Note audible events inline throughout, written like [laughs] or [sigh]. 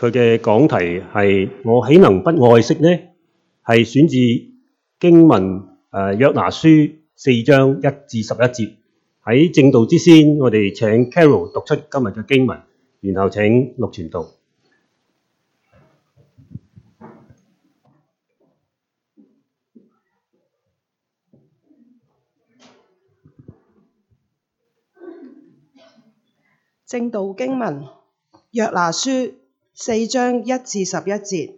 佢嘅講題係：我豈能不愛惜呢？係選自經文誒約拿書四章一至十一節。喺正道之先，我哋請 Carol 讀出今日嘅經文，然後請陸傳道正道經文約拿書。四章一至十一節，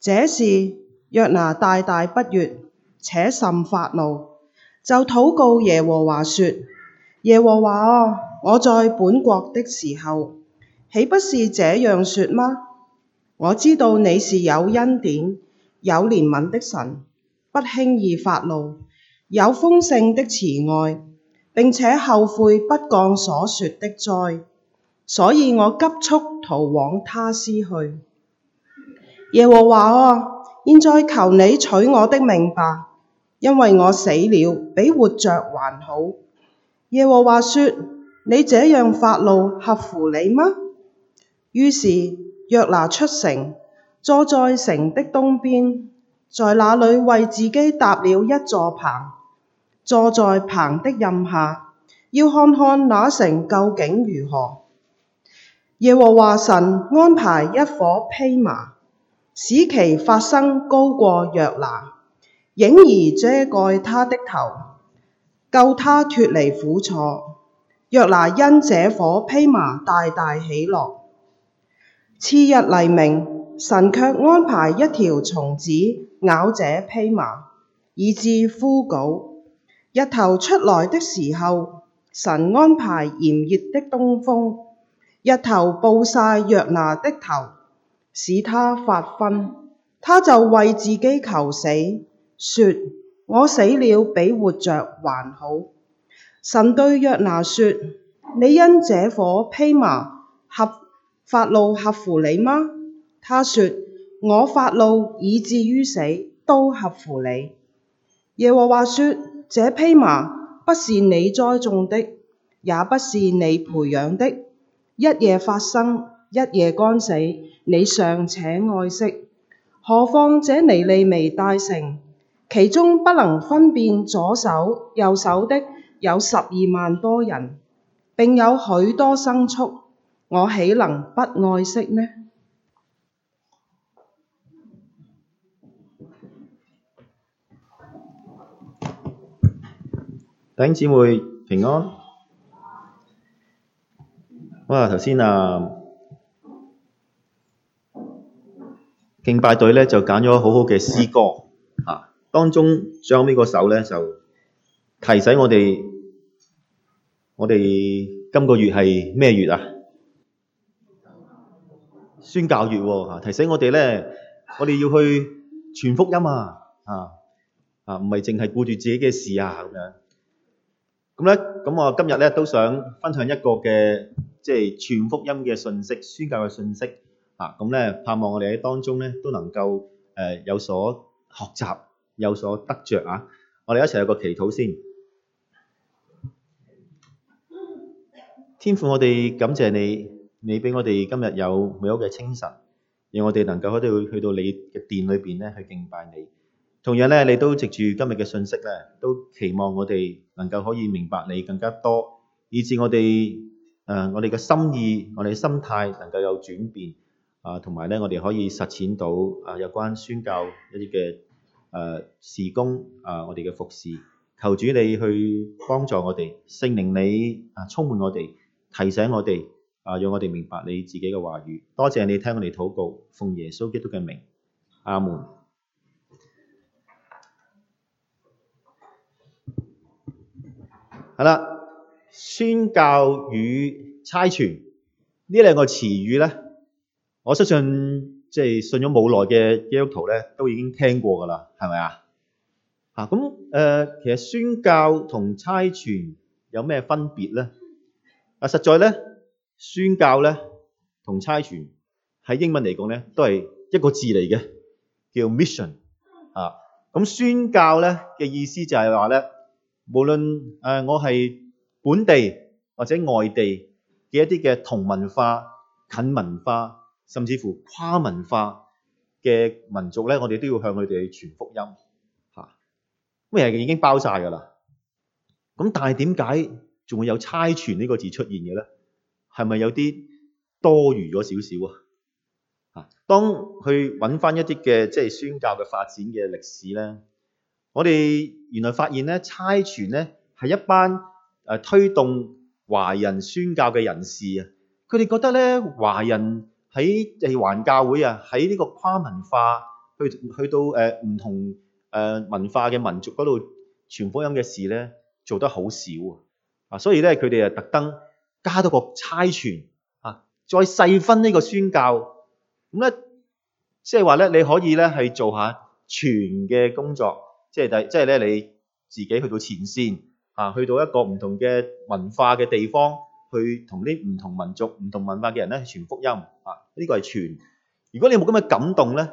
這事約拿大大不悅，且甚發怒，就禱告耶和華說：耶和華哦，我在本國的時候，豈不是這樣說嗎？我知道你是有恩典、有憐憫的神，不輕易發怒，有豐盛的慈愛，並且後悔不降所說的災，所以我急速。逃往他施去。耶和華啊，現在求你取我的命吧，因為我死了比活着還好。耶和華說：你這樣發怒合乎理嗎？於是約拿出城，坐在城的東邊，在那裏為自己搭了一座棚，坐在棚的蔭下，要看看那城究竟如何。耶和華神安排一顆披麻，使其發生高過約拿，影兒遮蓋他的頭，救他脫離苦楚。約拿因這顆披麻大大喜樂。次日黎明，神卻安排一條蟲子咬這披麻，以致枯槁。日頭出來的時候，神安排炎熱的東風。日頭暴曬約拿的頭，使他發昏，他就為自己求死，說：我死了比活着還好。神對約拿說：你因這棵披麻合發怒合乎你嗎？他說：我發怒以至於死都合乎你。耶和華說：這披麻不是你栽種的，也不是你培養的。一夜發生，一夜乾死，你尚且愛惜，何況這尼尼微大城，其中不能分辨左手右手的有十二萬多人，並有許多牲畜，我豈能不愛惜呢？弟兄姊妹平安。哇！頭先啊，敬拜隊咧就揀咗好好嘅詩歌啊，當中將呢個首咧就提醒我哋，我哋今個月係咩月啊？宣教月喎嚇！提醒我哋咧，我哋要去傳福音啊啊啊！唔係淨係顧住自己嘅事啊咁樣。咁咧，咁我今日咧都想分享一個嘅。即係傳福音嘅信息、宣教嘅信息啊！咁咧，盼望我哋喺當中咧都能夠誒有所學習、有所得著啊！我哋一齊有個祈禱先，天父，我哋感謝你，你俾我哋今日有美好嘅清晨，讓我哋能夠可以去到你嘅殿裏邊咧去敬拜你。同樣咧，你都藉住今日嘅信息咧，都期望我哋能夠可以明白你更加多，以致我哋。啊、我哋嘅心意、我哋嘅心態能夠有轉變啊，同埋咧，我哋可以實踐到啊，有關宣教一啲嘅誒事工啊，我哋嘅服侍。求主你去幫助我哋，聖靈你啊充滿我哋，提醒我哋啊，讓我哋明白你自己嘅話語。多謝你聽我哋禱告，奉耶穌基督嘅名，阿門。好啦。宣教與差傳呢兩個詞語咧，我相信即係信咗冇耐嘅基督徒咧，都已經聽過㗎啦，係咪啊？嚇，咁誒，其實宣教同差傳有咩分別咧？啊，實在咧，宣教咧同差傳喺英文嚟講咧都係一個字嚟嘅，叫 mission。啊，咁、嗯、宣教咧嘅意思就係話咧，無論誒、呃、我係。本地或者外地嘅一啲嘅同文化、近文化，甚至乎跨文化嘅民族咧，我哋都要向佢哋傳福音吓，咁人哋已經包晒㗎啦。咁但係點解仲會有差傳呢個字出現嘅咧？係咪有啲多餘咗少少啊？吓，當去揾翻一啲嘅即係宣教嘅發展嘅歷史咧，我哋原來發現咧，差傳咧係一班。誒、啊、推動華人宣教嘅人士啊，佢哋覺得咧，華人喺地環教會啊，喺呢個跨文化去去到誒唔、呃、同誒、呃、文化嘅民族嗰度傳福音嘅事咧，做得好少啊，所以咧，佢哋啊特登加多個差傳啊，再細分呢個宣教咁咧，即係話咧你可以咧係做下傳嘅工作，即係第即係咧你自己去到前線。啊，去到一個唔同嘅文化嘅地方，去同啲唔同民族、唔同文化嘅人咧傳福音。啊，呢個係傳。如果你冇咁嘅感動咧，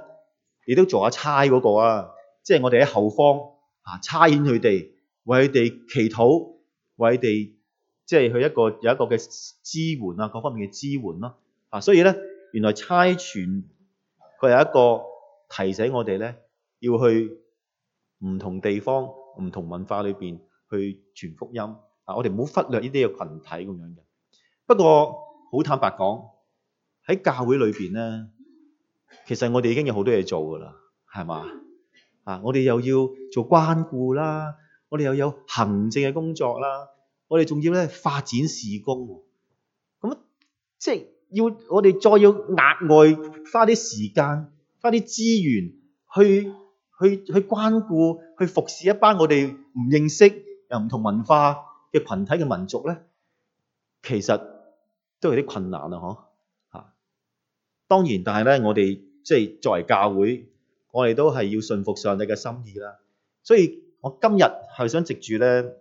你都做下差嗰個啊，即係我哋喺後方啊，差遣佢哋，為佢哋祈禱，為佢哋即係去一個有一個嘅支援啊，各方面嘅支援咯、啊。啊，所以咧，原來差傳佢係一個提醒我哋咧，要去唔同地方、唔同文化裏邊。去傳福音啊！我哋唔好忽略呢啲嘅羣體咁樣嘅。不過好坦白講，喺教會裏邊咧，其實我哋已經有好多嘢做㗎啦，係嘛啊？我哋又要做關顧啦，我哋又有行政嘅工作啦，我哋仲要咧發展事工。咁即係要我哋再要額外花啲時間、花啲資源去去去關顧、去服侍一班我哋唔認識，又唔同文化嘅群體嘅民族咧，其實都有啲困難啊！嗬，吓，當然，但係咧，我哋即係作為教會，我哋都係要信服上帝嘅心意啦。所以我今日係想藉住咧，誒、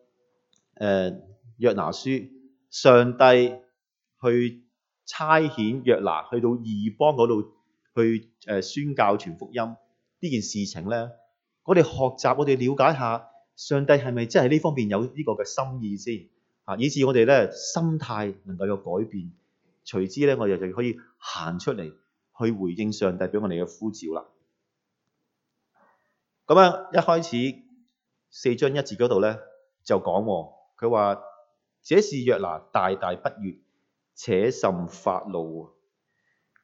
呃，約拿書，上帝去差遣約拿去到異邦嗰度去誒、呃、宣教全福音呢件事情咧，我哋學習，我哋了解下。上帝係咪真係呢方面有呢個嘅心意先？嚇、啊，以致我哋咧心態能夠有改變，隨之咧我哋就可以行出嚟去回應上帝俾我哋嘅呼召啦。咁啊，一開始四章一節嗰度咧就講喎，佢話：這事約拿大大不悅，且甚發怒。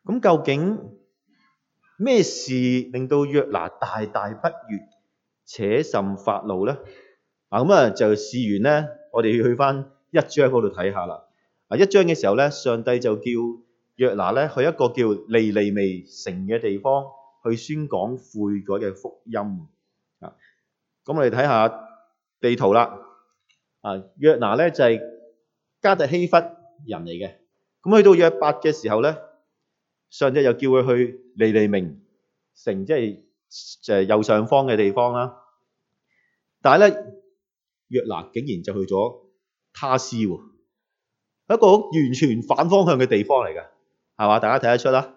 咁究竟咩事令到約拿大大，大不悅？且尋法路咧，嗱，咁啊就試完咧，我哋要去翻一章嗰度睇下啦。啊，一章嘅時候咧，上帝就叫約拿咧去一個叫尼尼微城嘅地方去宣講悔改嘅福音。啊，咁我哋睇下地圖啦。啊，約拿咧就係迦特希弗人嚟嘅。咁去到約八嘅時候咧，上帝又叫佢去尼尼微城，即係誒右上方嘅地方啦。但係咧，約拿竟然就去咗他斯喎，一個完全反方向嘅地方嚟㗎，係嘛？大家睇得出啦。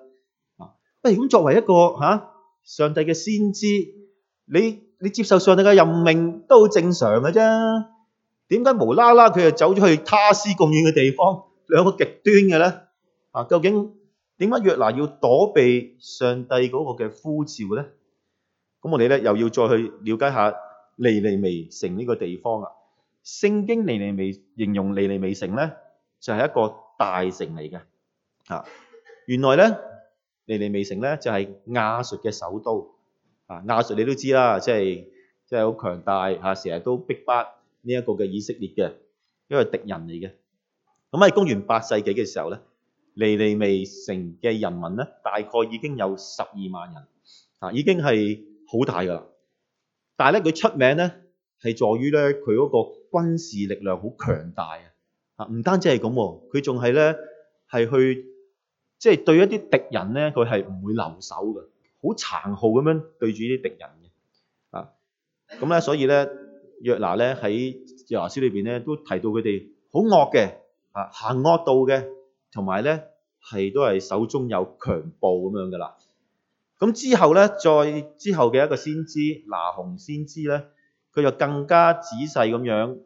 啊，喂，咁作為一個吓上帝嘅先知，你你接受上帝嘅任命都好正常嘅啫。點解無啦啦佢就走咗去他斯咁遠嘅地方？兩個極端嘅咧。啊，究竟點解約拿要躲避上帝嗰個嘅呼召咧？咁我哋咧又要再去了解下。尼尼微城呢個地方啊，聖經尼尼微形容尼尼微城咧，就係一個大城嚟嘅啊。原來咧，尼尼微城咧就係亞述嘅首都啊。亞述你都知啦，即係即係好強大嚇，成日都逼迫呢一個嘅以色列嘅一個敵人嚟嘅。咁喺公元八世紀嘅時候咧，尼尼微城嘅人民咧大概已經有十二萬人啊，已經係好大㗎喇。但係咧，佢出名咧係在於咧佢嗰個軍事力量好強大啊！啊，唔單止係咁喎，佢仲係咧係去即係對一啲敵人咧，佢係唔會留手㗎，好殘酷咁樣對住啲敵人嘅啊！咁咧，所以咧約拿咧喺約拿書裏邊咧都提到佢哋好惡嘅啊，行惡道嘅，同埋咧係都係手中有強暴咁樣㗎啦。咁之後咧，再之後嘅一個先知拿鴻先知咧，佢就更加仔細咁樣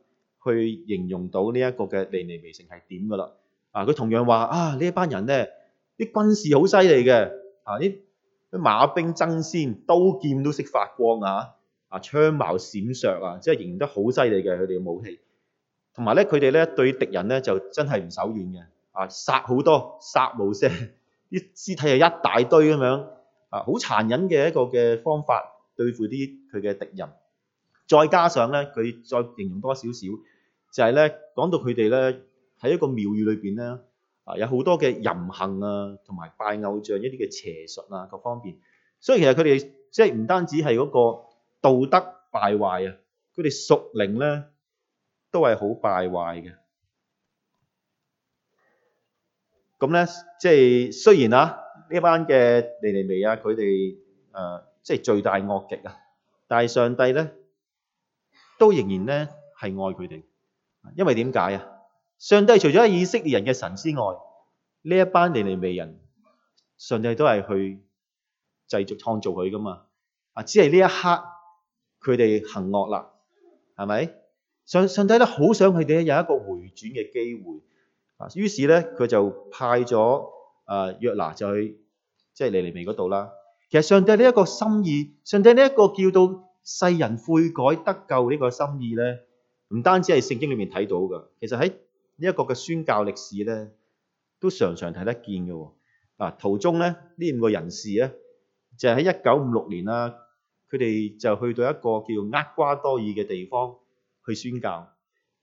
去形容到呢一個嘅尼尼微城係點㗎啦。啊，佢同樣話啊，呢一班人咧，啲軍事好犀利嘅，啊啲啲馬兵爭先，刀劍都識發光啊，啊槍矛閃爍啊，即係形容得好犀利嘅佢哋嘅武器。同埋咧，佢哋咧對敵人咧就真係唔手軟嘅，啊殺好多殺無聲，啲 [laughs] 屍體啊一大堆咁樣。啊，好殘忍嘅一個嘅方法對付啲佢嘅敵人，再加上咧佢再形容多少少，就係咧講到佢哋咧喺一個廟宇裏邊咧，啊有好多嘅淫行啊，同埋拜偶像一啲嘅邪術啊，各方面。所以其實佢哋即係唔單止係嗰個道德敗壞啊，佢哋屬靈咧都係好敗壞嘅。咁咧即係雖然啊。呢一班嘅尼尼微啊，佢哋誒即係罪大惡極啊！但係上帝咧都仍然咧係愛佢哋，因為點解啊？上帝除咗以色列人嘅神之外，呢一班尼尼微人，上帝都係去製造創造佢噶嘛啊！只係呢一刻佢哋行惡啦，係咪？上上帝都好想佢哋有一個回轉嘅機會啊！於是咧佢就派咗。啊，約拿就去即係尼尼微嗰度啦。其實上帝呢一個心意，上帝呢一個叫做世人悔改得救呢個心意咧，唔單止係聖經裏面睇到嘅，其實喺呢一個嘅宣教歷史咧，都常常睇得見嘅。嗱、啊，途中咧呢五個人士咧，就喺一九五六年啦、啊，佢哋就去到一個叫做厄瓜多爾嘅地方去宣教，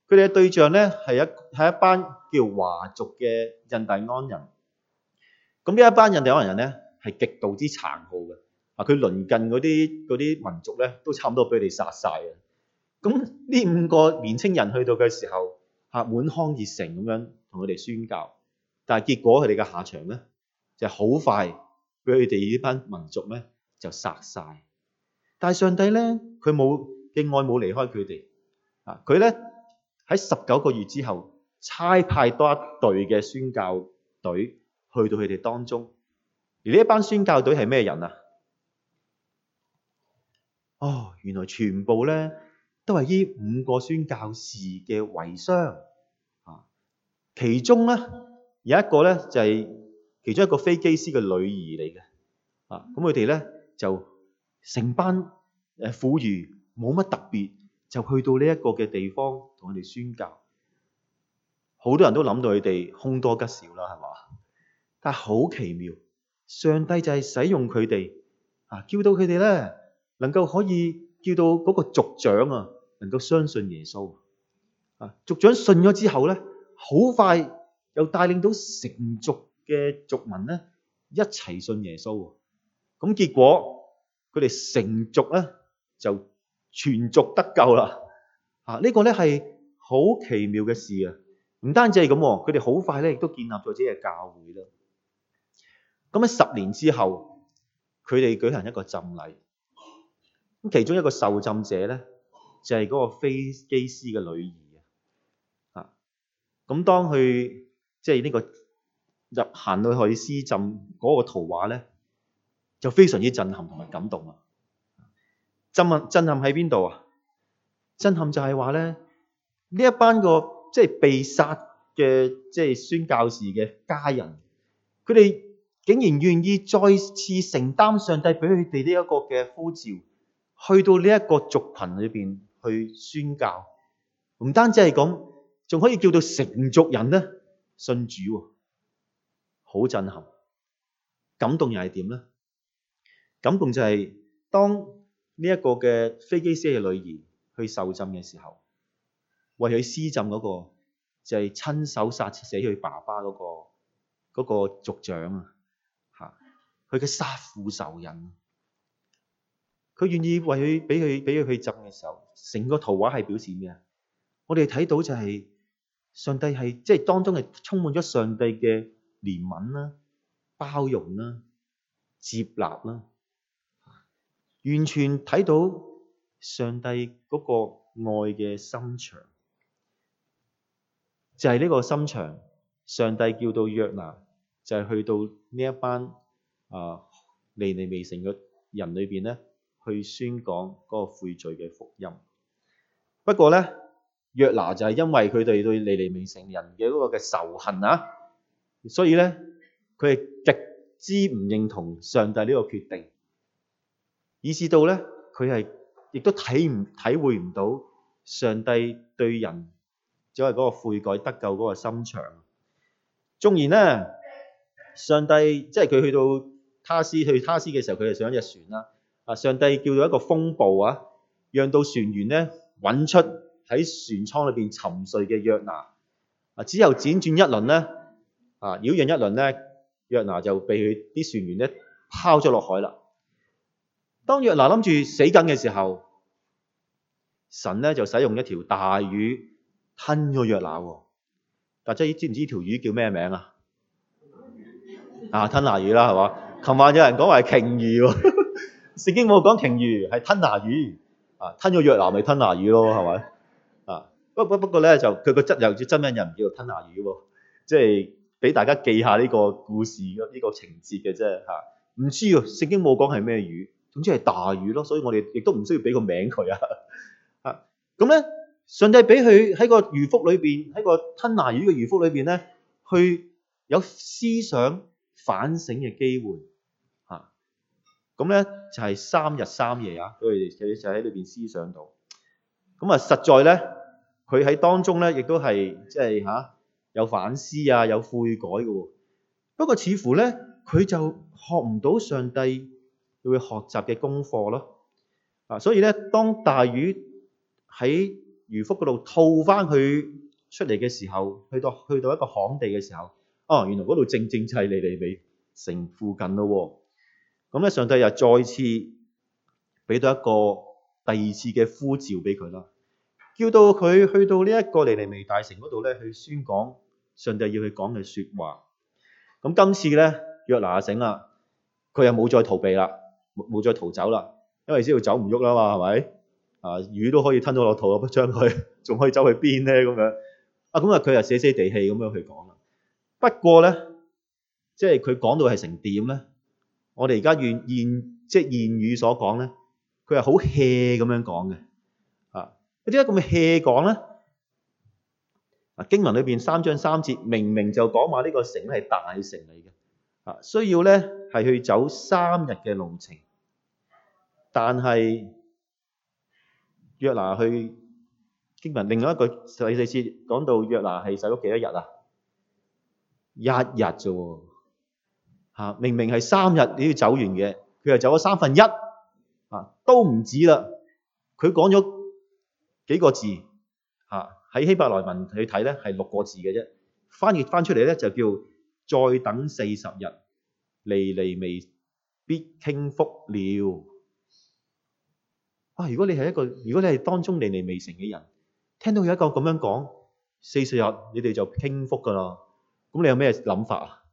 佢哋嘅對象咧係一係一班叫華族嘅印第安人。咁呢一班印哋可能人印第安咧係極度之殘酷嘅。啊，佢鄰近嗰啲啲民族咧都差唔多俾佢哋殺晒。啊！咁呢五個年青人去到嘅時候，嚇滿腔熱誠咁樣同佢哋宣教，但係結果佢哋嘅下場咧就好快俾佢哋呢班民族咧就殺晒。但係上帝咧佢冇敬愛冇離開佢哋。啊，佢咧喺十九個月之後差派多一隊嘅宣教隊去到佢哋當中，而呢一班宣教隊係咩人啊？哦，原來全部咧都係依五個宣教士嘅遺孀，啊，其中咧有一個咧就係、是、其中一個飛機師嘅女兒嚟嘅啊，咁佢哋咧就成班誒婦孺，冇乜特別，就去到呢一個嘅地方同佢哋宣教，好多人都諗到佢哋凶多吉少啦，係嘛？但好奇妙，上帝就係使用佢哋啊，叫到佢哋咧，能夠可以叫到嗰個族長啊，能夠相信耶穌啊。族長信咗之後咧，好快又帶領到成族嘅族民咧，一齊信耶穌。咁，啊，結果佢哋成族咧就全族得救啦。啊，這個，呢個咧係好奇妙嘅事啊！唔單止係咁，佢哋好快咧亦都建立咗自己嘅教會啦。咁喺十年之後，佢哋舉行一個浸禮。咁其中一個受浸者咧，就係、是、嗰個飛機師嘅女兒啊。咁、嗯、當佢即係呢個、這個、入行到去施浸嗰個圖畫咧，就非常之震撼同埋感動啊！震撼震撼喺邊度啊？震撼就係話咧，呢一班個即係、就是、被殺嘅即係宣教士嘅家人，佢哋。竟然願意再次承擔上帝俾佢哋呢一個嘅呼召，去到呢一個族群裏邊去宣教，唔單止係咁，仲可以叫做成族人咧信主，好震撼。感動又係點咧？感動就係當呢一個嘅飛機師嘅女兒去受浸嘅時候，為佢施浸嗰個就係、是、親手殺死佢爸爸嗰個，嗰個族長啊！佢嘅殺父仇人，佢願意為佢俾佢俾佢去浸嘅時候，成個圖畫係表示咩啊？我哋睇到就係上帝係即係當中係充滿咗上帝嘅憐憫啦、包容啦、接納啦，完全睇到上帝嗰個愛嘅心腸。就係呢個心腸，上帝叫到約拿，就係去到呢一班。啊，尼尼微城嘅人裏邊咧，去宣講嗰個悔罪嘅福音。不過咧，約拿就係因為佢哋對，對尼尼微城人嘅嗰個嘅仇恨啊，所以咧，佢係極之唔認同上帝呢個決定，以至到咧，佢係亦都體唔體會唔到上帝對人只係嗰個悔改得救嗰個心腸。縱然咧，上帝即係佢去到。他斯去他斯嘅時候，佢就上一隻船啦。上帝叫到一個風暴啊，讓到船員咧揾出喺船艙裏面沉睡嘅約拿。啊，之後輾轉一輪呢，啊，繞繞一輪呢，約拿就被佢啲船員咧拋咗落海啦。當約拿諗住死緊嘅時候，神咧就使用一條大魚吞咗約拿喎、哦。大家知唔知條魚叫咩名字啊？啊，吞拿魚啦，係咪？同埋有人講係鯨魚喎， [laughs] 聖經冇講鯨魚，係吞拿魚啊，吞咗約拿咪吞拿魚咯，係咪？啊， [laughs] 不不不，不過咧，就佢個質又似真咩人叫做吞拿魚喎，即係俾大家記下呢個故事嘅呢、呢個情節嘅啫嚇，唔知啊，聖經冇講係咩魚，總之係大魚咯，所以我哋亦都唔需要俾個名佢啊啊，咁咧上帝俾佢喺個魚腹裏邊，喺個吞拿魚嘅魚腹裏邊咧，去有思想反省嘅機會。咁咧就係三日三夜啊，佢哋就喺裏邊思想到。咁啊，實在咧，佢喺當中咧亦都係即係嚇、啊、有反思啊，有悔改嘅。不過似乎咧，佢就學唔到上帝會學習嘅功課咯。啊，所以咧，當大魚喺魚腹嗰度吐翻佢出嚟嘅時候，去到去到一個旱地嘅時候，哦、啊，原來嗰度正正砌尼尼微城附近咯喎、啊。咁咧，上帝又再次俾到一個第二次嘅呼召俾佢啦，叫到佢去到呢一個尼尼微大城嗰度咧，去宣講上帝要去講嘅説話。咁今次咧，約拿醒啊，佢又冇再逃避啦，冇再逃走啦，因為知道走唔喐啦嘛，係咪啊？魚都可以吞咗落肚，不將佢，仲可以走去邊咧？咁樣啊，咁、嗯、啊，佢又死死地氣咁樣去講啦。不過咧，即係佢講到係成點咧？我哋而家言言，即係言語所講咧，佢係好 hea 咁樣講嘅啊！佢點解咁 hea 講咧？啊，經文裏邊三章三節明明就講話呢個城係大城嚟嘅啊，需要咧係去走三日嘅路程，但係約拿去經文另外一句第四節講到，約拿係使咗幾多日啊？一日啫喎。嚇！明明係三日你要走完嘅，佢又走咗三分一，啊，都唔止啦。佢講咗幾個字嚇，喺希伯來文去睇咧係六個字嘅啫，翻譯返出嚟咧就叫再等四十日，尼尼微必傾覆了。啊！如果你係一個，如果你係當中尼尼微城嘅人，聽到有一個咁樣講，四十日你哋就傾覆㗎啦，咁你有咩諗法啊？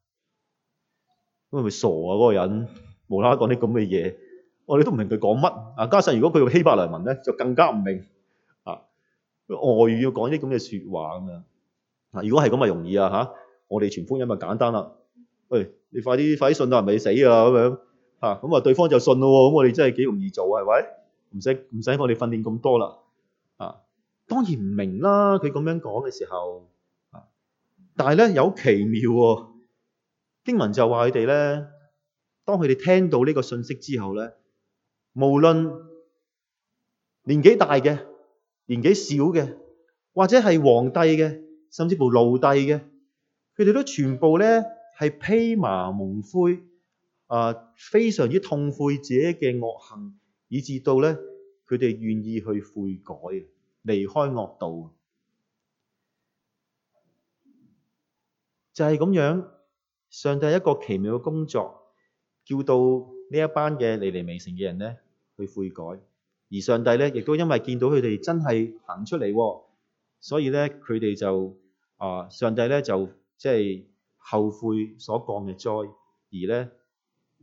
會唔會傻啊？嗰個人無啦啦講啲咁嘅嘢，我哋都唔明佢講乜。啊，加上如果佢係希伯來文咧，就更加唔明啊。外語要講啲咁嘅説話啊。啊，如果係咁啊，容易啊吓，我哋傳福音咪簡單啦。喂、哎，你快啲快啲信啊，人未死啊咁樣吓，咁啊，啊對方就信咯喎。咁我哋真係幾容易做啊係咪？唔使唔使我哋訓練咁多啦啊。當然唔明啦，佢咁樣講嘅時候啊。但係咧有奇妙喎、啊。丁文就話佢哋咧，當佢哋聽到呢個信息之後咧，無論年紀大嘅、年紀小嘅，或者係皇帝嘅，甚至部奴婢嘅，佢哋都全部咧係披麻蒙灰啊，非常之痛悔者嘅惡行，以至到咧佢哋願意去悔改，離開惡道，就係、是、咁樣。上帝一個奇妙嘅工作，叫到離離呢一班嘅尼尼微城嘅人咧去悔改，而上帝咧亦都因為見到佢哋真係行出嚟，所以咧佢哋就啊、呃，上帝咧就即係後悔所降嘅災，而咧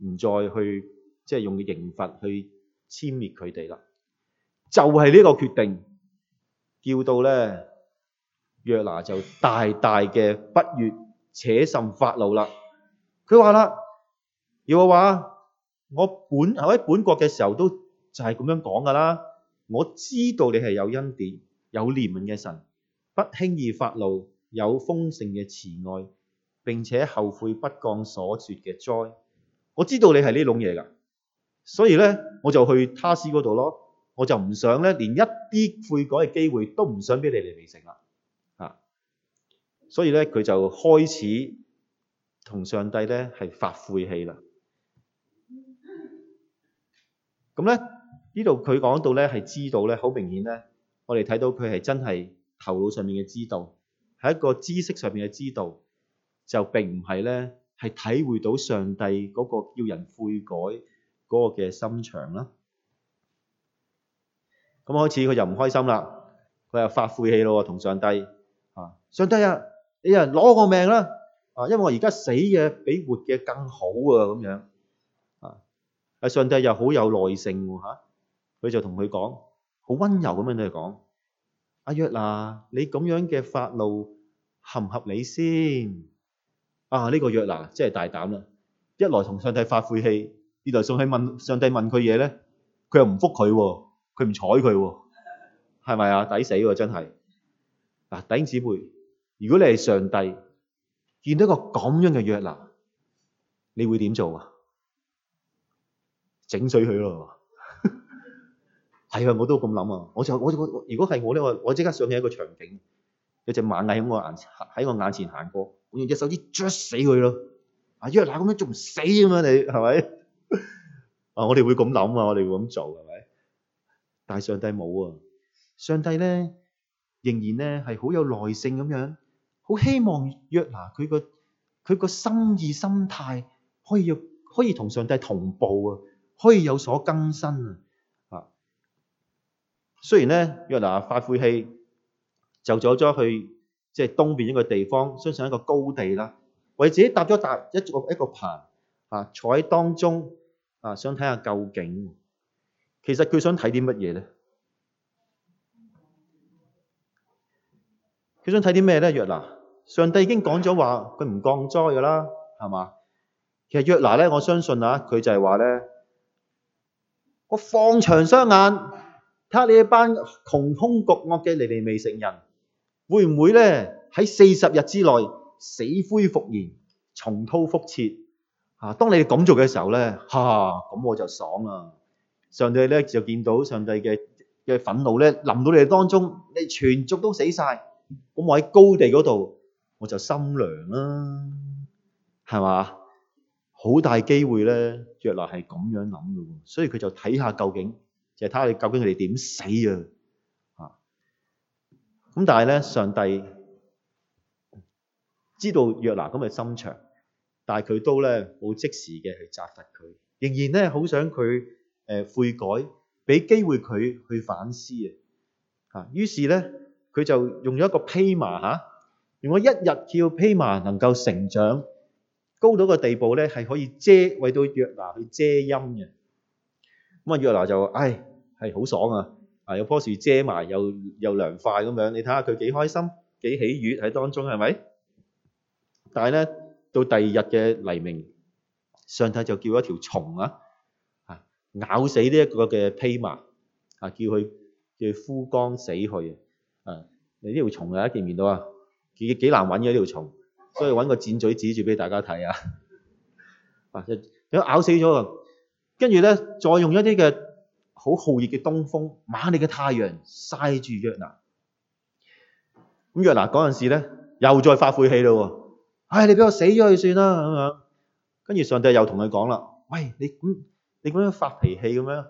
唔再去即係、就是、用刑罰去殲滅佢哋啦。就係、是、呢個決定，叫到咧約拿就大大嘅不悅，且甚發怒啦。佢話啦，要我話我本喺本國嘅時候都就係咁樣講噶啦。我知道你係有恩典、有憐憫嘅神，不輕易發怒，有豐盛嘅慈愛，並且後悔不降所説嘅災。我知道你係呢種嘢㗎，所以咧我就去他施嗰度咯。我就唔想咧，連一啲悔改嘅機會都唔想俾你哋嚟成啦。啊，所以咧佢就開始。同上帝咧係發晦氣啦。咁咧呢度佢講到咧係知道咧，好明顯咧，我哋睇到佢係真係頭腦上面嘅知道，係一個知識上面嘅知道，就並唔係咧係體會到上帝嗰個叫人悔改嗰個嘅心腸啦。咁開始佢就唔開心啦，佢又發晦氣咯，同上帝啊！上帝啊，你有人攞我命啦，啊！啊，因為我而家死嘅比活嘅更好啊，咁樣啊，阿上帝又好有耐性吓，佢就同佢講，好温柔咁樣同佢講，阿約拿，你咁樣嘅法路合唔合理先？啊，呢個約拿真係大膽啦，一來同上帝發晦氣，二來上去問上帝問佢嘢咧，佢又唔復佢，佢唔睬佢，係咪啊？抵死喎，真係嗱，弟兄姊妹，如果你係上帝。見到一個咁樣嘅約嗱，你會點做啊？整碎佢咯，係 [laughs] 啊、哎！我都咁諗啊！我就我，我如果係我咧，我我即刻想起一個場景，有隻螞蟻喺我眼喺我眼前行過，我用隻手指啄死佢咯！啊，約嗱咁樣仲唔死啊嘛，你係咪？啊， [laughs] 我哋會咁諗啊，我哋會咁做係咪？但係上帝冇啊，上帝咧仍然咧係好有耐性咁樣。好希望約拿佢個佢個心意心態可以約可以同上帝同步啊，可以有所更新啊。雖然咧約拿發晦氣，就走咗去即係東邊一個地方，相信一個高地啦，為自己搭咗一搭一個一個棚啊，坐喺當中啊，想睇下究竟。其實佢想睇啲乜嘢咧？佢想睇啲咩咧？約拿？上帝已經講咗話，佢唔降災噶啦，係嘛？其實約拿咧，我相信啊，佢就係話咧，我放長雙眼，睇下你一班窮兇極惡嘅離離未成人，會唔會咧喺四十日之內死灰復燃、重蹈覆轍？嚇、啊！當你哋咁做嘅時候咧，哈、啊，咁、嗯、我就爽啊！上帝咧就見到上帝嘅嘅憤怒咧臨到你哋當中，你全族都死曬，咁我喺高地嗰度。我就心涼啦，係嘛？好大機會咧，約拿係咁樣諗嘅喎，所以佢就睇下究竟，就係睇下你究竟佢哋點死啊！啊，咁但係咧，上帝知道約拿咁嘅心腸，但係佢都咧冇即時嘅去責罰佢，仍然咧好想佢誒悔改，俾機會佢去反思啊！啊，於是咧佢就用咗一個披麻嚇。啊如果一日叫披麻能夠成長高到個地步咧，係可以遮為到約拿去遮陰嘅。咁啊，約拿就唉，係好爽啊！啊，有樖樹遮埋又又涼快咁樣，你睇下佢幾開心、幾喜悅喺當中係咪？但係咧，到第二日嘅黎明，上帝就叫一條蟲啊啊咬死呢一個嘅披麻啊，叫佢叫佢枯乾死去啊！你呢條蟲啊，見唔見到啊？幾幾難揾嘅呢條蟲，所以揾個剪嘴指住俾大家睇啊！啊，佢咬死咗，跟住咧再用一啲嘅好酷熱嘅東風，猛烈嘅太陽曬住約拿。咁約拿嗰陣時咧又再發晦氣咯，唉、哎，你俾我死咗佢算啦咁樣。跟、嗯、住上帝又同佢講啦：喂，你咁你咁樣發脾氣咁樣，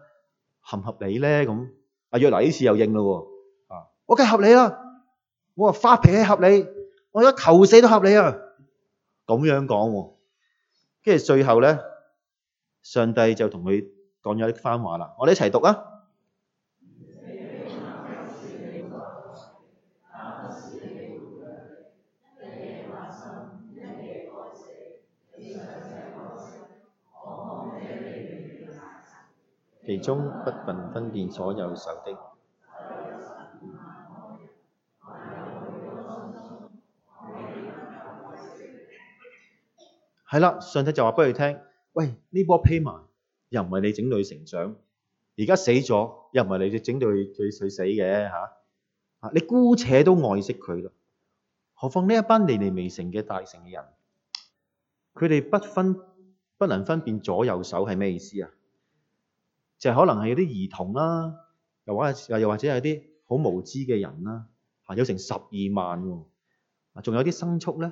合唔合理咧？咁啊，約拿呢次又應咯，啊，我梗係合理啦，我話發脾氣合理。我一求死都合理啊！咁樣講喎，跟住最後咧，上帝就同佢講咗一番話啦。我哋一齊讀啊！其中不分分辨左右手的。係啦，上帝就話俾佢聽，喂，呢波蓖麻又唔係你整到佢成長，而家死咗又唔係你整到佢佢死嘅嚇。啊，你姑且都愛惜佢咯，何況呢一班尼尼微城嘅大城嘅人，佢哋不分不能分辨左右手係咩意思啊？就係，可能係有啲兒童啦，啊，又或者又或者係啲好無知嘅人啦，啊，嚇有成十二萬喎，啊，仲有啲牲畜咧。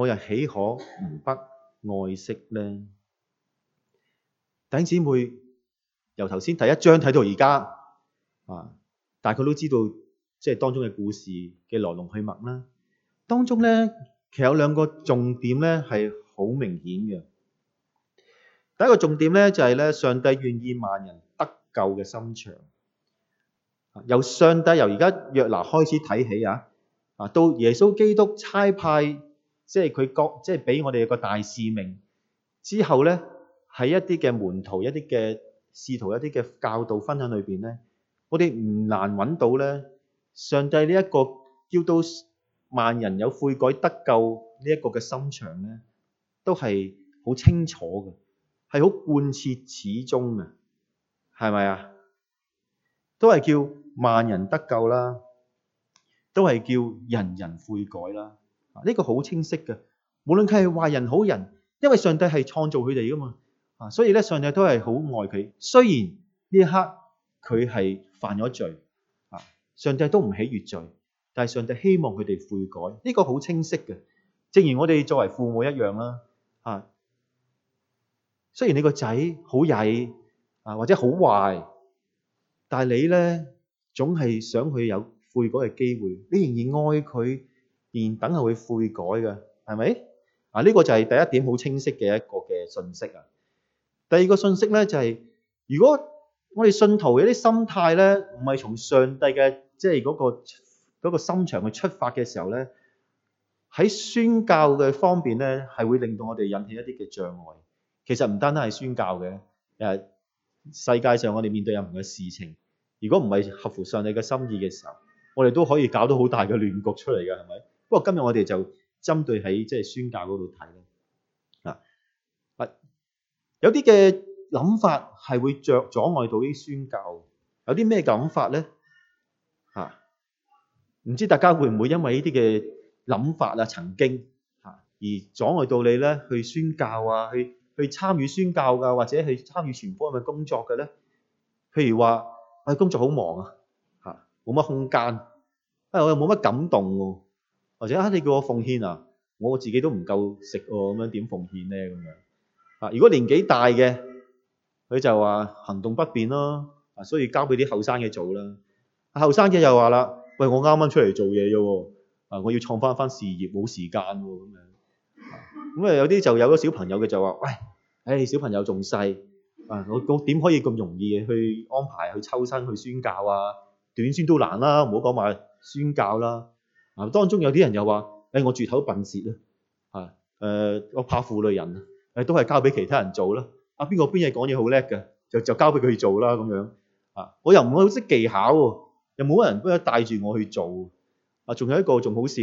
我又豈可唔不愛惜呢？弟兄姊妹，由頭先第一章睇到而家啊，大概都知道即係當中嘅故事嘅來龍去脈啦。當中咧，其實有兩個重點咧，係好明顯嘅。第一個重點咧就係咧，上帝願意萬人得救嘅心腸啊。由上帝由而家約拿開始睇起啊啊，到耶穌基督差派。即係佢各，即係俾我哋個大使命之後咧，喺一啲嘅門徒、一啲嘅使徒、一啲嘅教導分享裏邊咧，我哋唔難揾到咧，上帝呢一個叫到萬人有悔改得救呢一個嘅心腸咧，都係好清楚嘅，係好貫徹始終嘅，係咪啊？都係叫萬人得救啦，都係叫人人悔改啦。啊！呢個好清晰嘅，無論佢係壞人好人，因為上帝係創造佢哋噶嘛，啊，所以咧上帝都係好愛佢。雖然呢刻佢係犯咗罪，啊，上帝都唔喜悅罪，但係上帝希望佢哋悔改。呢個好清晰嘅，正如我哋作為父母一樣啦。啊，雖然你個仔好曳啊，或者好壞，但係你咧總係想佢有悔改嘅機會，你仍然愛佢。然等係會悔改嘅，係咪？啊，呢、這個就係第一點好清晰嘅一個嘅信息啊。第二個信息咧就係、是，如果我哋信徒有啲心態咧，唔係從上帝嘅即係嗰個、那個那個心腸去出發嘅時候咧，喺宣教嘅方面咧係會令到我哋引起一啲嘅障礙。其實唔單單係宣教嘅，誒，世界上我哋面對任何嘅事情，如果唔係合乎上帝嘅心意嘅時候，我哋都可以搞到好大嘅亂局出嚟嘅，係咪？不過今日我哋就針對喺即係宣教嗰度睇咯，啊，有啲嘅諗法係會著阻礙到啲宣教有，有啲咩諗法咧？嚇，唔知大家會唔會因為呢啲嘅諗法啊、曾經嚇而阻礙到你咧去宣教啊、去去參與宣教㗎、啊，或者去參與全科嘅工作嘅咧？譬如話，啊、哎、工作好忙啊，嚇冇乜空間，啊、哎、我又冇乜感動喎、啊。或者啊，你叫我奉獻啊，我自己都唔夠食喎，咁樣點奉獻咧咁樣啊？如果年紀大嘅，佢就話行動不便咯啊，啊，所以交俾啲後生嘅做啦。後生嘅又話啦，喂，我啱啱出嚟做嘢啫喎，啊，我要創翻番事業，冇時間喎咁樣。咁啊，啊，有啲就有咗小朋友嘅就話，喂，唉、哎，小朋友仲細啊，我我點可以咁容易去安排去抽身去宣教啊？短宣都難啦、啊，唔好講埋宣教啦。嗱，當中有啲人又話，誒、哎，我住頭笨舌，啦，嚇，誒，我怕負累人啊，誒，都係交俾其他人做啦。啊，邊個邊嘢講嘢好叻嘅，就就交俾佢去做啦咁樣。嚇、啊，我又唔會好識技巧喎，又冇人幫我帶住我去做。啊，仲有一個仲好笑，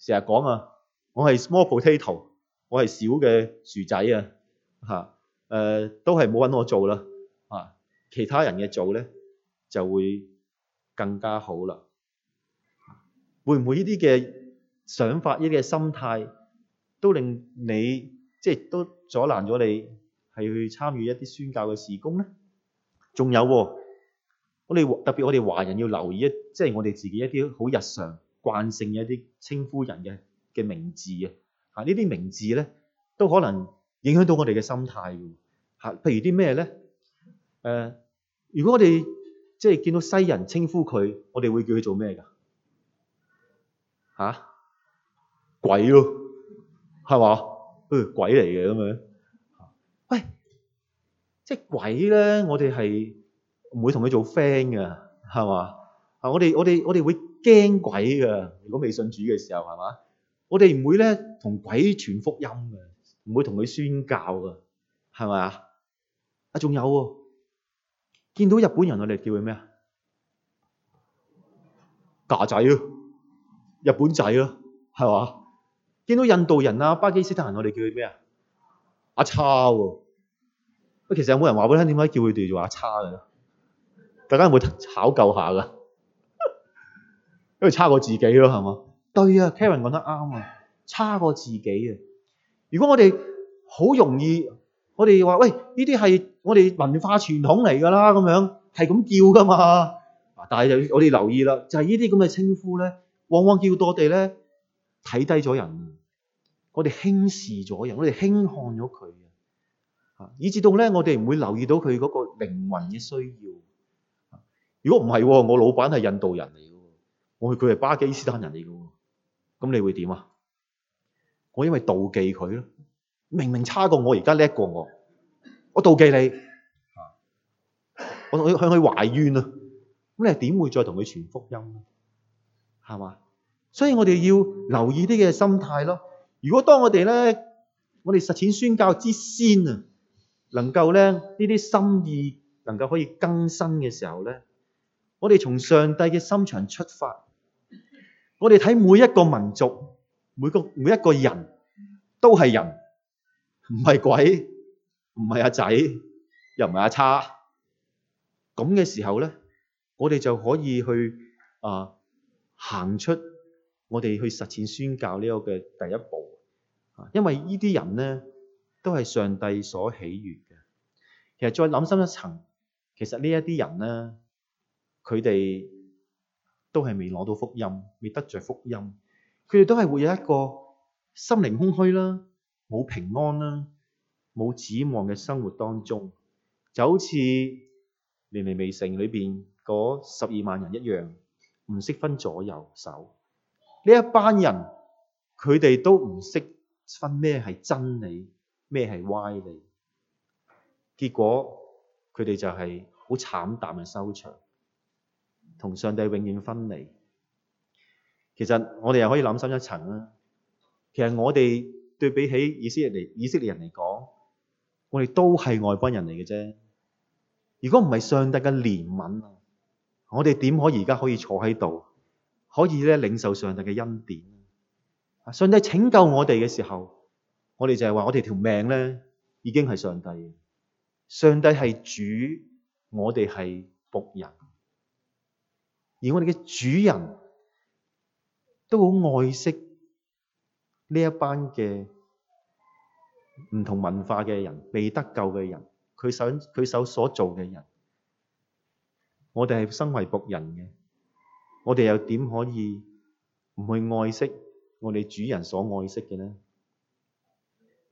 成日講啊，我係 small potato，我係小嘅薯仔啊，嚇，誒，都係冇揾我做啦。嚇、啊，其他人嘅做咧就會更加好啦。會唔會呢啲嘅想法、呢啲嘅心態，都令你即係都阻攔咗你係去參與一啲宣教嘅事工咧？仲有我哋特別，我哋華人要留意一即係我哋自己一啲好日常慣性嘅一啲稱呼人嘅嘅名字啊！嚇，呢啲名字咧都可能影響到我哋嘅心態㗎嚇。譬如啲咩咧？誒、呃，如果我哋即係見到西人稱呼佢，我哋會叫佢做咩㗎？嚇鬼咯，係嘛？嗯，鬼嚟嘅咁樣。喂，即係鬼咧，我哋係唔會同佢做 friend 嘅，係嘛？啊，我哋我哋我哋會驚鬼嘅。如果未信主嘅時候，係嘛？我哋唔會咧同鬼傳福音嘅，唔會同佢宣教㗎，係咪啊？啊，仲有喎，見到日本人我哋叫佢咩啊？架仔啊！日本仔咯，係嘛？見到印度人啊、巴基斯坦人，我哋叫佢咩啊？阿差喎。其實有冇人話俾你聽？點解叫佢哋做阿差嘅？大家有冇考究下噶？ [laughs] 因為差過自己咯，係嘛？對啊，Karen 講得啱啊，差過自己啊。如果我哋好容易，我哋話喂呢啲係我哋文化傳統嚟㗎啦，咁樣係咁叫㗎嘛。啊，但係就我哋留意啦，就係呢啲咁嘅稱呼咧。往往叫到我哋咧，睇低咗人，我哋輕視咗人，我哋輕看咗佢啊，以至到咧我哋唔會留意到佢嗰個靈魂嘅需要。如果唔係喎，我老闆係印度人嚟嘅，我佢係巴基斯坦人嚟嘅，咁你會點啊？我因為妒忌佢咯，明明差過我而家叻過我，我妒忌你，我向佢懷怨啊，咁你點會再同佢傳福音？係嘛？所以我哋要留意啲嘅心態咯。如果當我哋咧，我哋實踐宣教之先啊，能夠咧呢啲心意能夠可以更新嘅時候咧，我哋從上帝嘅心腸出發，我哋睇每一個民族、每個每一個人都係人，唔係鬼，唔係阿仔，又唔係阿叉。咁嘅時候咧，我哋就可以去啊。呃行出我哋去實踐宣教呢個嘅第一步，因為呢啲人咧都係上帝所喜悅嘅。其實再諗深一層，其實呢一啲人咧，佢哋都係未攞到福音，未得着福音，佢哋都係會有一個心靈空虛啦、冇平安啦、冇指望嘅生活當中，就好似尼尼微城裏邊嗰十二萬人一樣。唔識分左右手，呢一班人佢哋都唔識分咩係真理，咩係歪理。結果佢哋就係好慘淡嘅收場，同上帝永遠分離。其實我哋又可以諗深一層啦。其實我哋對比起以色列嚟，以色列人嚟講，我哋都係外邦人嚟嘅啫。如果唔係上帝嘅憐憫啊！我哋點可以而家可以坐喺度，可以咧領受上帝嘅恩典？上帝拯救我哋嘅時候，我哋就係話我哋條命已經係上帝。上帝係主，我哋係僕人。而我哋嘅主人都好愛惜呢一班嘅唔同文化嘅人、未得救嘅人，佢手佢手所做嘅人。我哋係身為僕人嘅，我哋又點可以唔去愛惜我哋主人所愛惜嘅呢？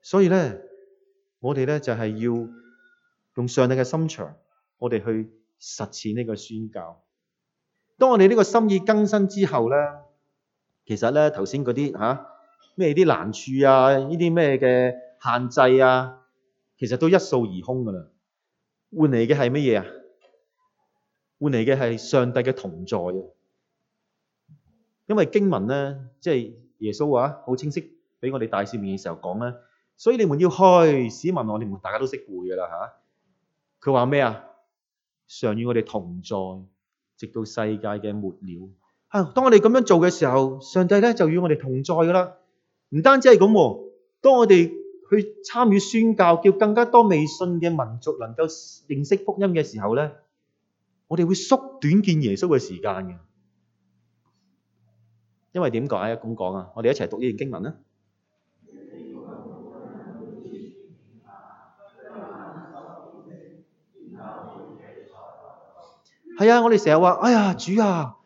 所以咧，我哋咧就係要用上帝嘅心腸，我哋去實踐呢個宣教。當我哋呢個心意更新之後咧，其實咧頭先嗰啲吓咩啲難處啊，呢啲咩嘅限制啊，其實都一掃而空噶啦。換嚟嘅係乜嘢啊？換嚟嘅係上帝嘅同在啊！因為經文咧，即係耶穌話，好清晰俾我哋大使命嘅時候講咧，所以你們要開，使民，我哋大家都識背噶啦吓。佢話咩啊？常與我哋同在，直到世界嘅末了。啊！當我哋咁樣做嘅時候，上帝咧就與我哋同在噶啦。唔單止係咁，當我哋去參與宣教，叫更加多未信嘅民族能夠認識福音嘅時候咧，我哋會縮短見耶穌嘅時間嘅，因為點解咁講啊？我哋一齊讀呢段經文啦。係啊，我哋成日話：哎呀，主啊，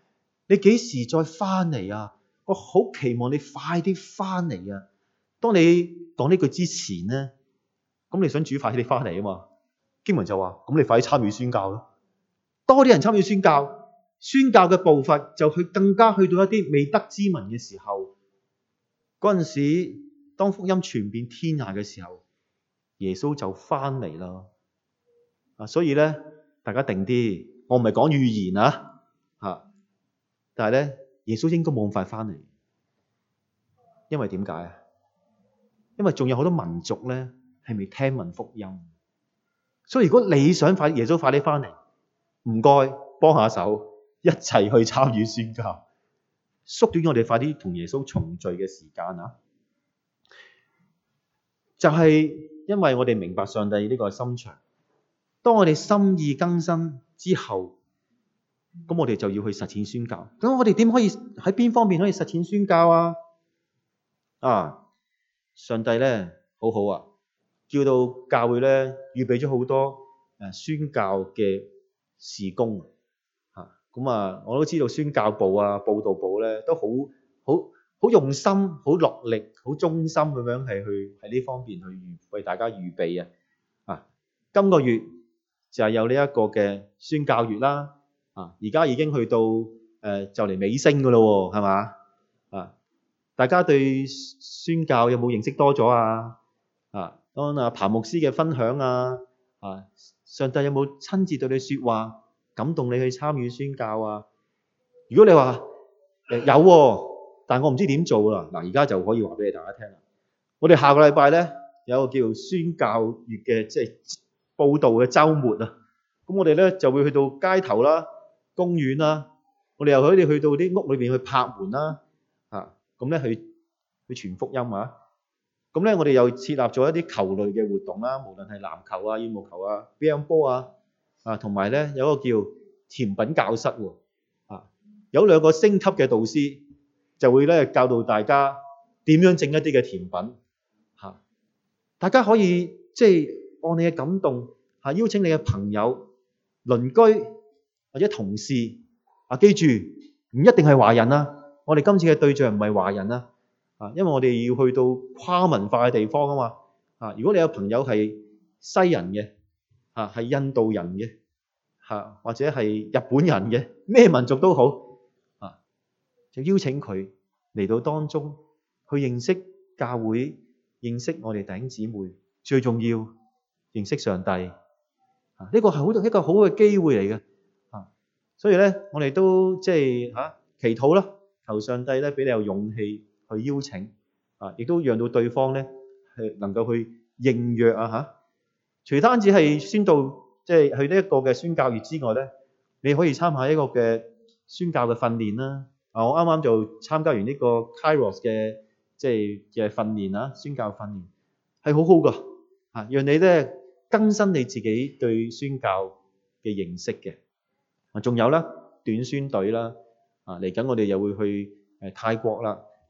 你幾時再翻嚟啊？我好期望你快啲翻嚟啊！當你講呢句之前咧，咁你想主快啲翻嚟啊嘛？經文就話：咁你快啲參與宣教啦！多啲人參與宣教，宣教嘅步伐就去更加去到一啲未得之民嘅時候，嗰陣時當福音傳遍天下嘅時候，耶穌就翻嚟啦。啊，所以咧，大家定啲，我唔係講預言啊嚇，但係咧，耶穌應該冇咁快翻嚟，因為點解啊？因為仲有好多民族咧係未聽聞福音，所以如果你想耶穌快耶穌快啲翻嚟。唔該，幫下手，一齊去參與宣教，縮短我哋快啲同耶穌重聚嘅時間啊！就係因為我哋明白上帝呢個心腸，當我哋心意更新之後，咁我哋就要去實踐宣教。咁我哋點可以喺邊方面可以實踐宣教啊？啊，上帝咧，好好啊，叫到教會咧，預備咗好多誒宣教嘅。事工啊，咁啊，我都知道宣教部啊、報道部咧都好好好用心、好落力、好忠心咁樣係去喺呢方面去為大家預備啊。啊，今個月就係有呢一個嘅宣教月啦。啊，而家已經去到誒、呃、就嚟尾聲噶啦、哦，係嘛？啊，大家對宣教有冇認識多咗啊？啊，當阿、啊、彭牧師嘅分享啊啊。上帝有冇親自對你説話，感動你去參與宣教啊？如果你話有、啊，但我唔知點做啦。嗱，而家就可以話俾你大家聽啦。我哋下個禮拜咧有個叫做宣教月嘅，即係報道嘅週末啊。咁我哋咧就會去到街頭啦、啊、公園啦、啊，我哋又可以去到啲屋裏邊去拍門啦、啊，嚇咁咧去去傳福音啊！咁咧，我哋又設立咗一啲球類嘅活動啦，無論係籃球啊、羽毛球啊、乒乓波啊，啊，同埋咧有一個叫甜品教室喎，啊，有兩個星級嘅導師就會咧教導大家點樣整一啲嘅甜品，嚇，大家可以即係按你嘅感動嚇邀請你嘅朋友、鄰居或者同事，啊，記住唔一定係華人啊，我哋今次嘅對象唔係華人啊。啊，因為我哋要去到跨文化嘅地方啊嘛。啊，如果你有朋友係西人嘅，啊，係印度人嘅，嚇，或者係日本人嘅，咩民族都好，啊，就邀請佢嚟到當中去認識教會，認識我哋弟兄姊妹，最重要認識上帝。啊，呢個係好一個好嘅機會嚟嘅。啊，所以咧，我哋都即係嚇祈禱啦，求上帝咧俾你有勇氣。去邀請啊，亦都讓到對方咧去能夠去應約啊嚇！除單止係宣道，即係去呢一個嘅宣教月之外咧，你可以參加一個嘅宣教嘅訓練啦。啊，我啱啱就參加完呢個 Kairos 嘅即係嘅訓練啦，宣教訓練係好好㗎啊，讓你咧更新你自己對宣教嘅認識嘅。啊，仲有啦，短宣隊啦，啊，嚟緊我哋又會去誒泰國啦。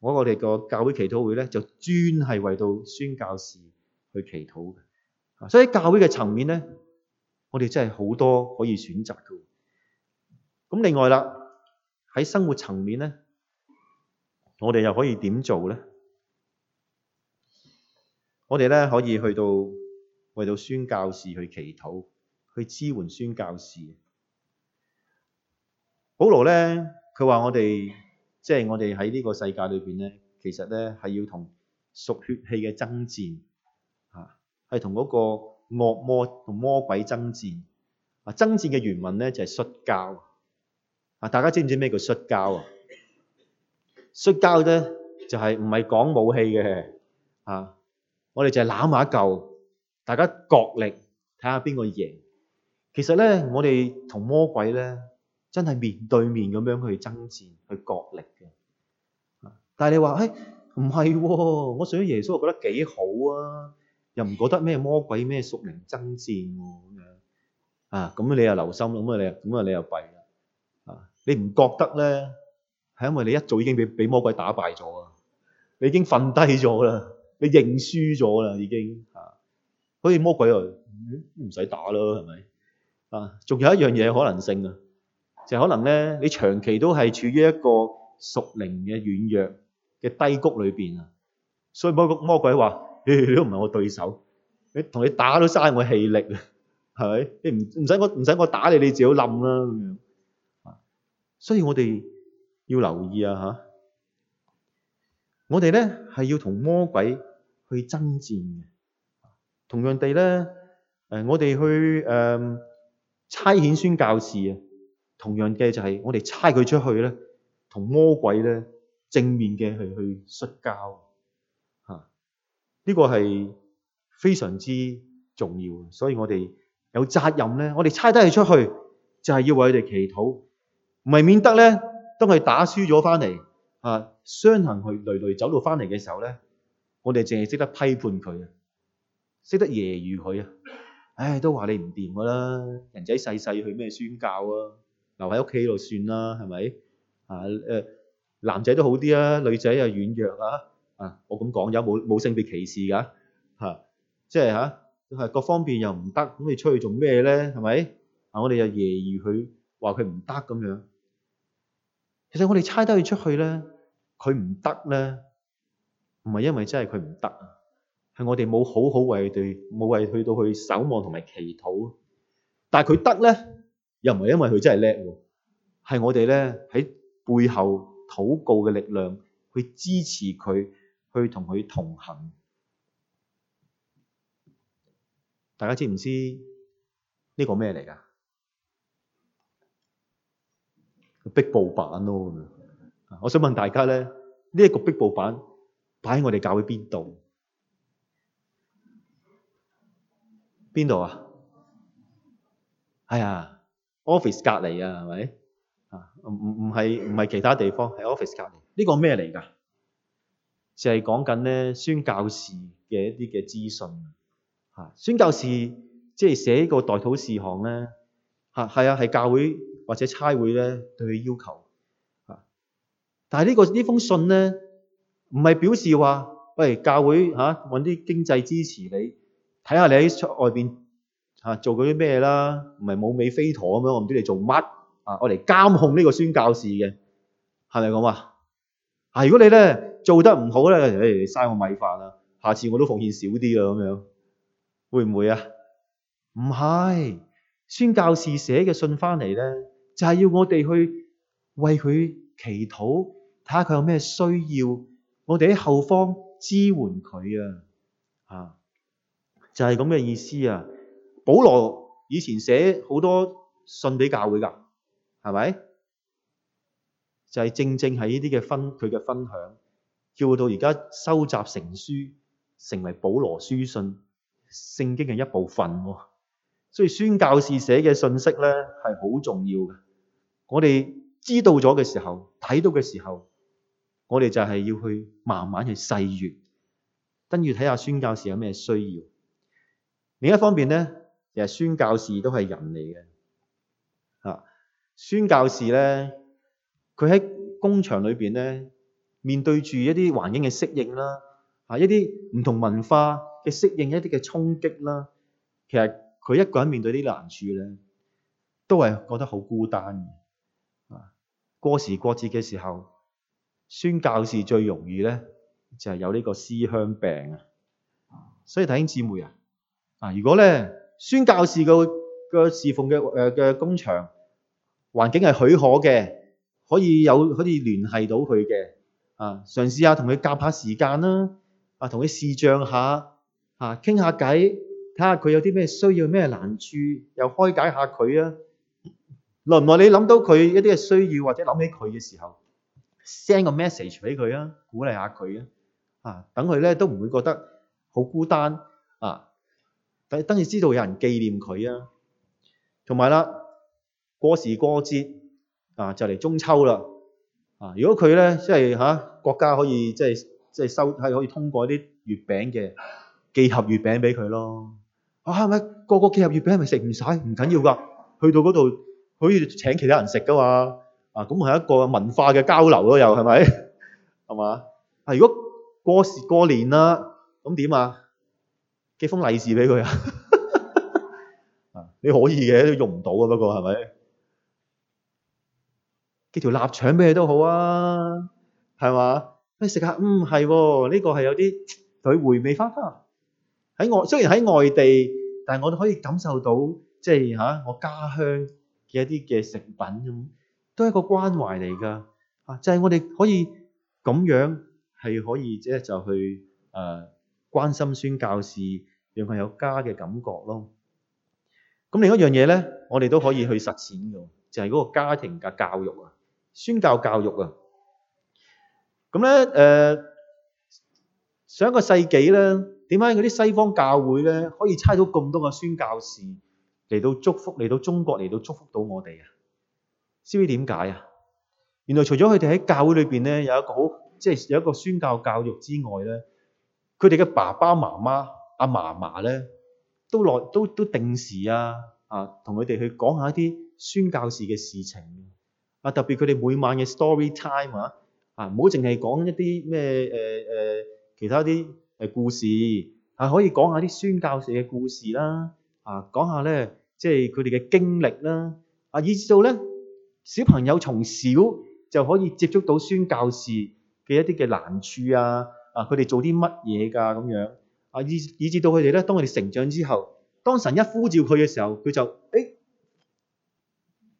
我哋個教會祈禱會咧，就專係為到宣教士去祈禱嘅。所以喺教會嘅層面咧，我哋真係好多可以選擇嘅。咁另外啦，喺生活層面咧，我哋又可以點做咧？我哋咧，可以去到為到宣教士去祈禱，去支援宣教士。保羅咧，佢話我哋。即係我哋喺呢個世界裏邊咧，其實咧係要同屬血氣嘅爭戰啊，係同嗰個惡魔同魔鬼爭戰啊。爭戰嘅原文咧就係摔跤啊！大家知唔知咩叫摔跤啊？摔跤咧就係唔係講武器嘅啊？我哋就係攬起一嚿，大家角力睇下邊個贏。其實咧，我哋同魔鬼咧。真係面對面咁樣去爭戰，去角力嘅。但係你話：誒唔係，我信耶穌，覺得幾好啊，又唔覺得咩魔鬼咩屬靈爭戰喎咁樣。啊，咁你又留心，咁啊你，咁啊你又弊啦。啊，你唔覺得咧？係因為你一早已經俾俾魔鬼打敗咗啊，你已經瞓低咗啦，你認輸咗啦已經。嚇、啊，好似魔鬼啊，哎、唔使打啦，係咪？啊，仲有一樣嘢可能性啊。就可能咧，你長期都係處於一個屬靈嘅軟弱嘅低谷裏邊啊，所以魔魔鬼話：，你都唔係我對手，你同你打都嘥我氣力啊，係咪？你唔唔使我唔使我打你，你自己冧啦咁樣。嗯、所以我哋要留意啊嚇，我哋咧係要同魔鬼去爭戰嘅。同樣地咧，誒我哋去誒、呃、差遣宣教士啊。同樣嘅就係我哋差佢出去咧，同魔鬼咧正面嘅去去摔跤嚇，呢個係非常之重要嘅，所以我哋有責任咧。我哋差得佢出去就係要為佢哋祈禱，唔係免得咧，當佢打輸咗翻嚟嚇，傷痕佢累累走到翻嚟嘅時候咧，我哋淨係識得批判佢，識得揶揄佢啊！唉，都話你唔掂㗎啦，人仔細細去咩宣教啊？留喺屋企度算啦，係咪？啊誒，男仔都好啲啊，女仔又軟弱啊。啊，我咁講有冇冇性別歧視㗎嚇，啊，即係嚇係各方面又唔得，咁你出去做咩咧？係咪？啊，我哋又揶揄佢話佢唔得咁樣。其實我哋猜得佢出去咧，佢唔得咧，唔係因為真係佢唔得啊，係我哋冇好好為佢，冇為去到去守望同埋祈禱。但係佢得咧。又唔係因為佢真係叻喎，係我哋咧喺背後禱告嘅力量去支持佢，去同佢同行。大家知唔知呢個咩嚟㗎？個壁布板咯，我想問大家咧，呢、這、一個壁布板擺喺我哋教會喺邊度？邊度啊？係、哎、啊。office 隔籬啊，係咪？啊，唔唔係唔係其他地方，係 office 隔籬。呢個咩嚟噶？就係講緊咧宣教士嘅一啲嘅資訊。吓，宣教士即係寫個代禱事項咧，吓係啊，係教會或者差會咧對佢要求。吓，但係呢、呢個呢封信咧，唔係表示話，喂，教會吓搵啲經濟支持你，睇下你喺外邊。嚇，做嗰啲咩啦？唔係冇美飛陀咁樣，我唔知你做乜啊！我嚟監控呢個宣教士嘅，係咪咁啊？啊！如果你咧做得唔好咧，唉、哎，你嘥我米飯啦，下次我都奉獻少啲啊，咁樣會唔會啊？唔係宣教士寫嘅信翻嚟咧，就係、是、要我哋去為佢祈禱，睇下佢有咩需要，我哋喺後方支援佢啊！嚇，就係咁嘅意思啊！保羅以前寫好多信俾教會噶，係咪？就係、是、正正喺呢啲嘅分佢嘅分享，叫到而家收集成書，成為保羅書信聖經嘅一部分、哦。所以宣教士寫嘅信息咧係好重要嘅。我哋知道咗嘅時候，睇到嘅時候，我哋就係要去慢慢去細閱，跟住睇下宣教士有咩需要。另一方面咧。其實宣教士都係人嚟嘅吓，宣教士咧，佢喺工場裏邊咧，面對住一啲環境嘅適應啦，啊，一啲唔同文化嘅適應，一啲嘅衝擊啦，啊，其實佢一個人面對啲難處咧，都係覺得好孤單嘅啊。過時過節嘅時候，宣教士最容易咧就係、是、有呢個思鄉病啊，所以弟兄姊妹啊，啊，如果咧。宣教士嘅侍奉嘅誒嘅工場環境係許可嘅，可以有可以聯繫到佢嘅啊，嘗試下同佢夾下時間啦，啊，同佢視像下啊，傾下偈，睇下佢有啲咩需要、咩難處，又開解下佢啊。耐唔耐，你諗到佢一啲嘅需要或者諗起佢嘅時候，send 個 message 俾佢啊，鼓勵下佢啊，啊，等佢咧都唔會覺得好孤單啊。但係當然知道有人紀念佢啊，同埋啦，過時過節啊，就嚟中秋啦啊！如果佢咧，即係嚇、啊、國家可以即係即係收係可以通過啲月餅嘅寄盒月餅俾佢咯啊！係咪個個寄盒月餅係咪食唔晒，唔緊要㗎，去到嗰度可以請其他人食㗎嘛啊！咁係一個文化嘅交流咯，又係咪係嘛？啊！如果過時過年啦，咁點啊？寄封利是畀佢啊！啊， [laughs] 你可以嘅，都用唔到啊，不過係咪？寄條臘腸咩都好啊，係嘛？喂，食下，嗯，係喎，呢個係有啲佢回味翻翻。喺外雖然喺外地，但係我都可以感受到，即係吓我家鄉嘅一啲嘅食品咁，都係一個關懷嚟㗎。啊，就係、是、我哋可以咁樣係可以即係就去誒、呃、關心宣教士。讓佢有家嘅感覺咯。咁另一樣嘢咧，我哋都可以去實踐嘅，就係嗰個家庭嘅教育啊、宣教教育啊。咁咧誒上一個世紀咧，點解嗰啲西方教會咧可以差到咁多個宣教士嚟到祝福，嚟到中國嚟到祝福到我哋啊？知唔知點解啊？原來除咗佢哋喺教會裏邊咧有一個好即係有一個宣教教育之外咧，佢哋嘅爸爸媽媽。阿嫲嫲咧都來都都定時啊啊，同佢哋去講下一啲宣教士嘅事情啊，特別佢哋每晚嘅 story time 啊啊，唔好淨係講一啲咩誒誒其他啲誒故事，係、啊、可以講下啲宣教士嘅故事啦啊，講、啊、下咧即係佢哋嘅經歷啦啊，以至到咧小朋友從小就可以接觸到宣教士嘅一啲嘅難處啊啊，佢、啊、哋做啲乜嘢噶咁樣。啊，以以至到佢哋咧，當佢哋成長之後，當神一呼召佢嘅時候，佢就，哎，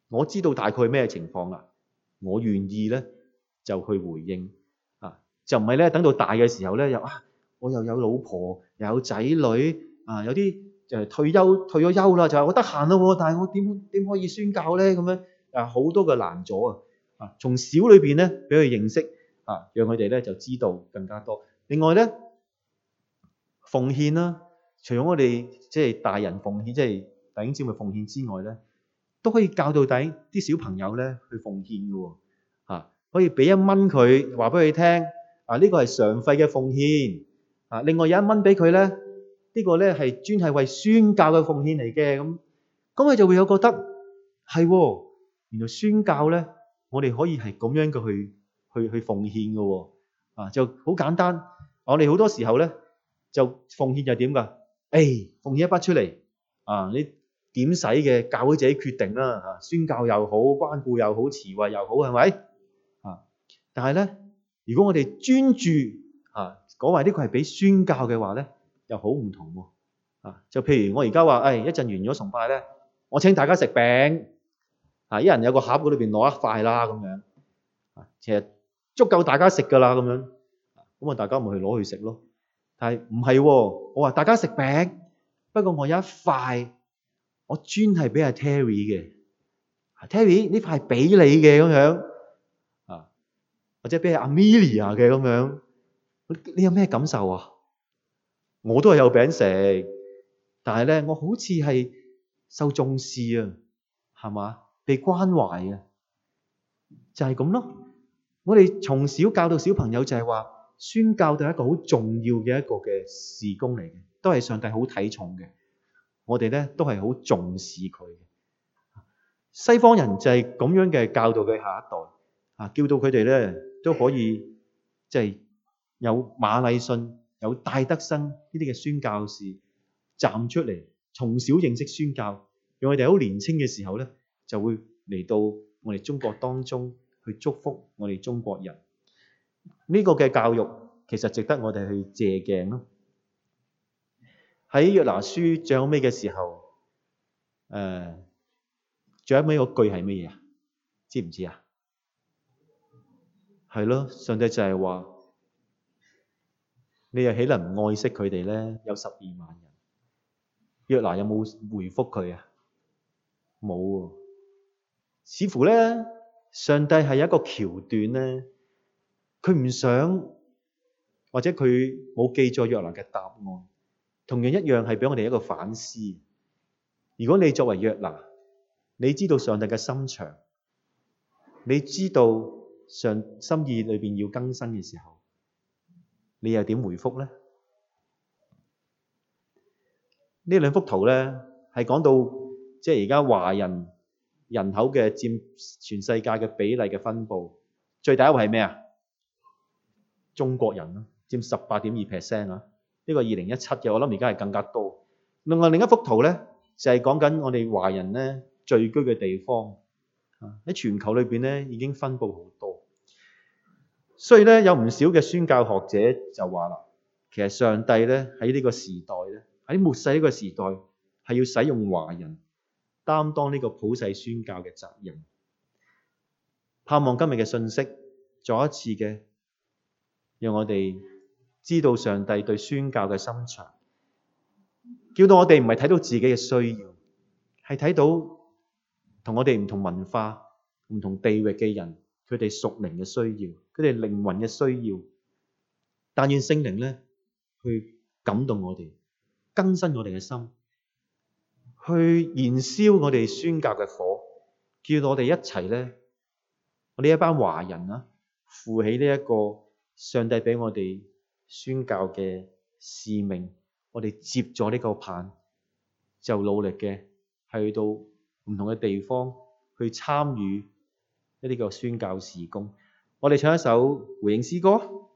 我知道大概咩情況啦，我願意咧就去回應啊，就唔係咧等到大嘅時候咧又啊，我又有老婆又有仔女啊，有啲就係退休退咗休啦，就話我得閒啦，但係我點點可以宣教咧咁樣啊，好多嘅難阻啊，啊，從、啊、小裏邊咧俾佢認識啊，讓佢哋咧就知道更加多，另外咧。奉獻啦、啊，除咗我哋即係大人奉獻，即係大英嘅奉獻之外咧，都可以教到底啲小朋友咧去奉獻嘅喎。啊，可以俾一蚊佢，話俾佢聽，啊呢個係常費嘅奉獻，啊另外有一蚊俾佢咧，呢個咧係專係為宣教嘅奉獻嚟嘅，咁咁佢就會有覺得係喎，原來宣教咧，我哋可以係咁樣嘅去去去奉獻嘅喎。啊就好簡單，我哋好多時候咧。就奉獻又點噶？誒、哎，奉獻一筆出嚟啊！你點使嘅？教會自己決定啦嚇、啊。宣教又好，關顧又好，慈惠又好，係咪啊？但係咧，如果我哋專注嚇講話呢個係俾宣教嘅話咧，又好唔同喎啊，啊！就譬如我而家話誒，一、哎、陣完咗崇拜咧，我請大家食餅啊！一人有個盒，喺裏邊攞一塊啦，咁樣啊，其實足夠大家食㗎啦，咁樣啊，咁啊，大家咪去攞去食咯。係唔係？我話大家食餅，不過我有一塊，我專係俾阿 Terry 嘅。Terry 呢塊係俾你嘅，咁樣啊，或者俾阿 Amelia 嘅咁樣。你有咩感受啊？我都係有餅食，但係咧，我好似係受重視啊，係嘛？被關懷啊，就係咁咯。我哋從小教導到小朋友就係話。宣教就係一個好重要嘅一個嘅事工嚟嘅，都係上帝好睇重嘅，我哋咧都係好重視佢嘅。西方人就係咁樣嘅教導佢下一代，啊，叫到佢哋咧都可以即係、就是、有馬禮遜、有戴德生呢啲嘅宣教士站出嚟，從小認識宣教，讓佢哋好年輕嘅時候咧就會嚟到我哋中國當中去祝福我哋中國人。呢個嘅教育其實值得我哋去借鏡咯、喔。喺約拿書最後尾嘅時候，誒、呃、最後尾嗰句係乜嘢啊？知唔知啊？係咯，上帝就係話：你又豈能唔愛惜佢哋咧，有十二萬人。約拿有冇回覆佢啊？冇。似乎咧，上帝係一個橋段咧。佢唔想，或者佢冇記載約拿嘅答案，同樣一樣係俾我哋一個反思。如果你作為約拿，你知道上帝嘅心腸，你知道上心意裏面要更新嘅時候，你又點回覆呢？呢兩幅圖呢，係講到即係而家華人人口嘅佔全世界嘅比例嘅分布，最大一個係咩啊？中國人咯、啊，佔十八點二 percent 啊！呢、呢個二零一七嘅，我諗而家係更加多。另外另一幅圖咧，就係講緊我哋華人咧聚居嘅地方啊！喺全球裏邊咧已經分佈好多，所以咧有唔少嘅宣教學者就話啦，其實上帝咧喺呢個時代咧，喺末世呢個時代係要使用華人擔當呢個普世宣教嘅責任。盼望今日嘅信息再一次嘅。讓我哋知道上帝對宣教嘅心腸，叫到我哋唔係睇到自己嘅需要，係睇到同我哋唔同文化、唔同地域嘅人，佢哋屬靈嘅需要，佢哋靈魂嘅需要。但願聖靈咧，去感動我哋，更新我哋嘅心，去燃燒我哋宣教嘅火，叫到我哋一齊咧，我哋一班華人啊，扶起呢一個。上帝畀我哋宣教嘅使命，我哋接咗呢個棒，就努力嘅係去到唔同嘅地方去參與一啲嘅宣教事工。我哋唱一首回應詩歌。